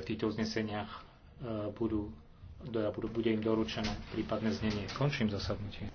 v týchto uzneseniach e, budú, budú, bude im doručené prípadné znenie. Končím zasadnutie.